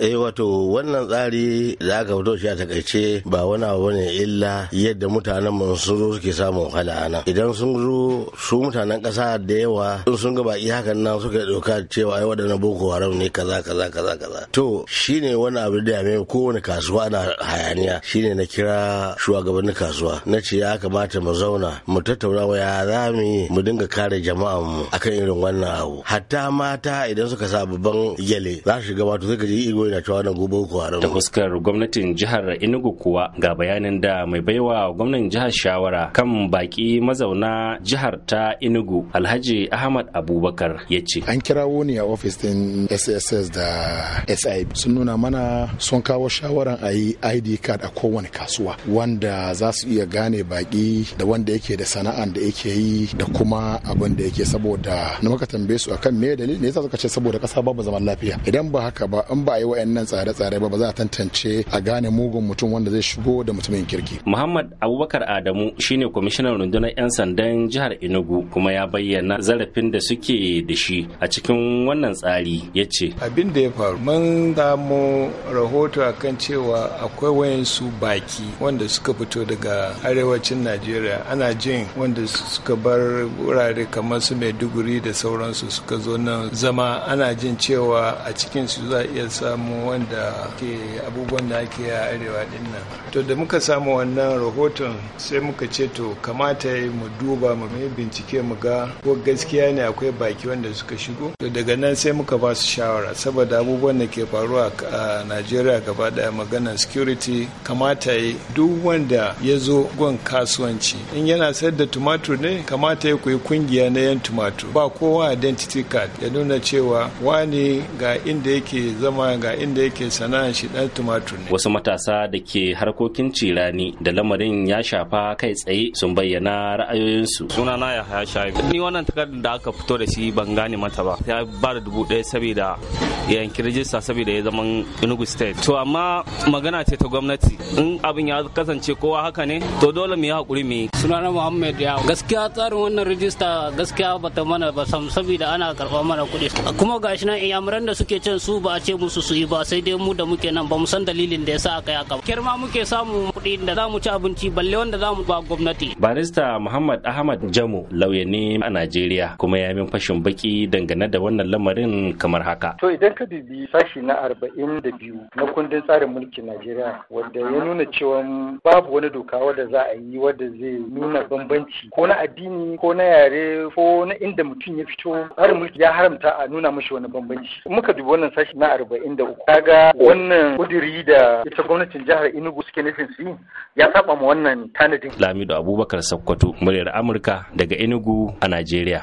Eh wato wannan tsari da aka fito shi a takaice ba wani abu ne illa yadda mutanen mu sun zo suke samun wahala ana. Idan sun zo su mutanen ƙasa da yawa sun sun ga baki hakan nan suka doka cewa ai wadannan boko haram ne kaza kaza kaza kaza. To shine wani abu da ya wani kasuwa na hayaniya shine na kira shugabannin kasuwa na ce ya kamata mu zauna mu tattauna wa ya za mu mu dinga kare jama'an mu akan irin wannan abu. Hatta mata idan suka sa babban gyale za su shiga wato suka je shigo da ta da fuskar gwamnatin jihar inugu kuwa ga bayanin da mai baiwa gwamnan jihar shawara kan baki mazauna jihar ta inugu Alhaji Ahmad Abubakar ya ce an kirawo ni a ofis din SSS da SIB sun nuna mana sun kawo shawaran a yi ID card a kowane kasuwa wanda za su iya gane baki da wanda yake da sana'an da yake yi da kuma abin da yake saboda na maka tambaye su akan me dalili ne yasa suka ce saboda kasa babu zaman lafiya idan ba haka ba in ba a yi wayannan tsare-tsare ba ba za a tantance a gane mugun mutum wanda zai shigo da mutumin kirki Muhammad Abubakar Adamu shine kwamishinan rundunar 'yan sandan jihar Enugu kuma ya bayyana zarafin da suke da shi a cikin wannan tsari ya ce abin da ya faru mun zamo rahoto a kan cewa akwai wayansu baki wanda suka fito daga arewacin Najeriya ana jin wanda suka bar wurare kamar su Maiduguri da sauransu suka zo nan zama ana jin cewa a cikin su za a iya samun mu wanda ke abubuwan da ake a arewa din to da muka samu wannan rahoton sai muka ce to kamata mu duba mu yi bincike mu ga ko gaskiya ne akwai baki wanda suka shigo to daga nan sai muka ba su shawara saboda abubuwan da ke faruwa a najeriya gaba daya magana security kamata yi duk wanda ya zo gon kasuwanci in yana sayar da tumatur ne kamata ya koyi kungiya na yan tumatur ba kowa identity card ya nuna cewa wani ga inda yake zama ga inda yake sana'ar shi tumatur ne wasu matasa da ke harkokin cirani da lamarin ya shafa kai tsaye sun bayyana ra'ayoyinsu Suna na ya haya shayi ni wannan takardar da aka fito da shi ban gane mata ba ya ba da dubu ɗaya saboda ya yanki rijista saboda ya zama inugu state to amma magana ce ta gwamnati in abin ya kasance kowa haka ne to dole mu yi hakuri mu yi sunana muhammad ya gaskiya tsarin wannan rijista gaskiya bata mana ba sam saboda ana karɓar mana kuɗi kuma gashi nan iyamuran da suke can su ba a ce musu su yi ba sai dai mu da muke nan ba mu san dalilin da yasa aka yaka ba kirma muke samu kuɗi da za mu ci abinci balle wanda za mu ba gwamnati barista Muhammad Ahmad Jamu lauya ne a Najeriya kuma ya min fashin baki dangane da wannan lamarin kamar haka to idan ka bibi sashi na arba'in da biyu na kundin tsarin mulkin Najeriya wanda ya nuna cewa babu wani doka wadda za a yi wadda zai nuna bambanci ko na addini ko na yare ko na inda mutum ya fito tsarin mulki ya haramta a nuna mashi wani bambanci muka dubi wannan sashi na arba'in da. kaga wannan kudiri da ita gwamnatin jihar Enugu suke nufin su yi ya saba ma wannan tanadin. Lamido Abubakar Sokoto muryar Amurka daga Enugu a Najeriya.